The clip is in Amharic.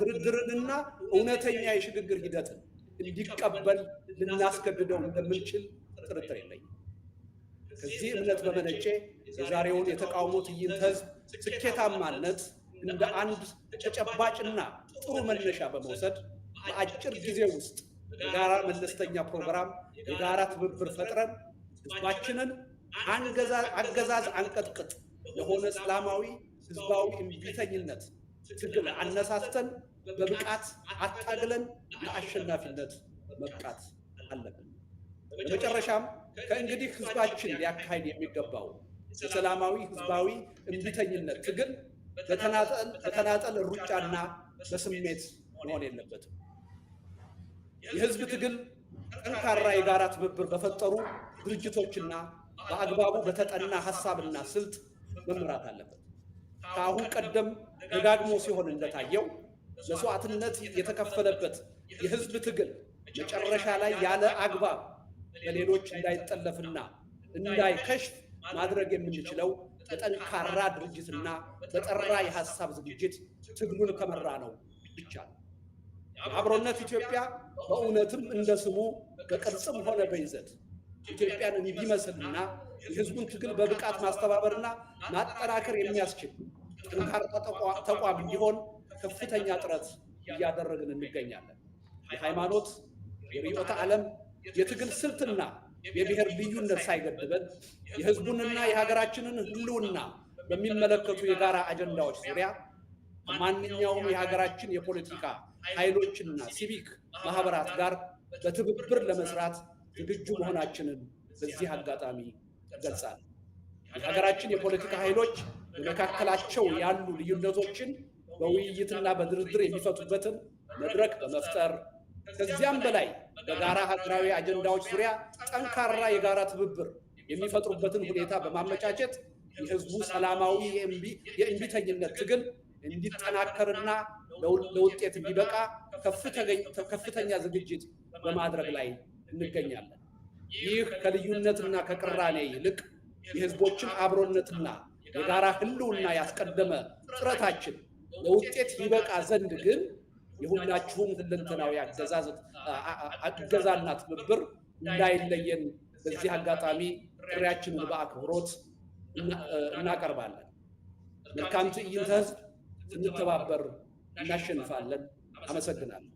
ድርድርንና እውነተኛ የሽግግር ሂደትን እንዲቀበል ልናስገድደው እንደምንችል ጥርጥር የለኝም። ከዚህ እምነት በመነጨ የዛሬውን የተቃውሞ ትዕይንተ ህዝብ ስኬታማነት እንደ አንድ ተጨባጭና ጥሩ መነሻ በመውሰድ በአጭር ጊዜ ውስጥ የጋራ መለስተኛ ፕሮግራም፣ የጋራ ትብብር ፈጥረን ህዝባችንን አገዛዝ አንቀጥቅጥ ለሆነ ሰላማዊ ህዝባዊ እምቢተኝነት ትግል አነሳስተን በብቃት አታግለን ለአሸናፊነት መብቃት አለብን። በመጨረሻም ከእንግዲህ ህዝባችን ሊያካሂድ የሚገባው የሰላማዊ ህዝባዊ እምቢተኝነት ትግል በተናጠል ሩጫና በስሜት መሆን የለበትም። የህዝብ ትግል ጠንካራ የጋራ ትብብር በፈጠሩ ድርጅቶችና በአግባቡ በተጠና ሀሳብና ስልት መምራት አለበት። ከአሁን ቀደም ደጋግሞ ሲሆን እንደታየው መስዋዕትነት የተከፈለበት የህዝብ ትግል መጨረሻ ላይ ያለ አግባብ በሌሎች እንዳይጠለፍና እንዳይከሽፍ ማድረግ የምንችለው በጠንካራ ድርጅትና በጠራ የሀሳብ ዝግጅት ትግሉን ከመራ ነው ብቻ ነው። አብሮነት ኢትዮጵያ በእውነትም እንደ ስሙ በቅርጽም ሆነ በይዘት ኢትዮጵያን ቢመስልና የህዝቡን ትግል በብቃት ማስተባበርና ማጠናከር የሚያስችል ጠንካራ ተቋም እንዲሆን ከፍተኛ ጥረት እያደረግን እንገኛለን። የሃይማኖት፣ የርዕዮተ ዓለም፣ የትግል ስልትና የብሔር ልዩነት ሳይገድበን የህዝቡንና የሀገራችንን ህልውና በሚመለከቱ የጋራ አጀንዳዎች ዙሪያ ከማንኛውም የሀገራችን የፖለቲካ ኃይሎችና ሲቪክ ማህበራት ጋር በትብብር ለመስራት ዝግጁ መሆናችንን በዚህ አጋጣሚ ይገልጻል። የሀገራችን የፖለቲካ ኃይሎች በመካከላቸው ያሉ ልዩነቶችን በውይይትና በድርድር የሚፈቱበትን መድረክ በመፍጠር ከዚያም በላይ በጋራ ሀገራዊ አጀንዳዎች ዙሪያ ጠንካራ የጋራ ትብብር የሚፈጥሩበትን ሁኔታ በማመቻቸት የህዝቡ ሰላማዊ የእምቢተኝነት ትግል እንዲጠናከርና ለውጤት እንዲበቃ ከፍተኛ ዝግጅት በማድረግ ላይ እንገኛለን። ይህ ከልዩነትና ከቅራኔ ይልቅ የህዝቦችን አብሮነትና የጋራ ህልውና ያስቀደመ ጥረታችን ለውጤት ይበቃ ዘንድ ግን የሁላችሁም ሁለንተናዊ እገዛና ትብብር እንዳይለየን በዚህ አጋጣሚ ጥሪያችንን በአክብሮት እናቀርባለን። መልካም ትዕይንተ ህዝብ። ስንተባበር እናሸንፋለን። አመሰግናለሁ።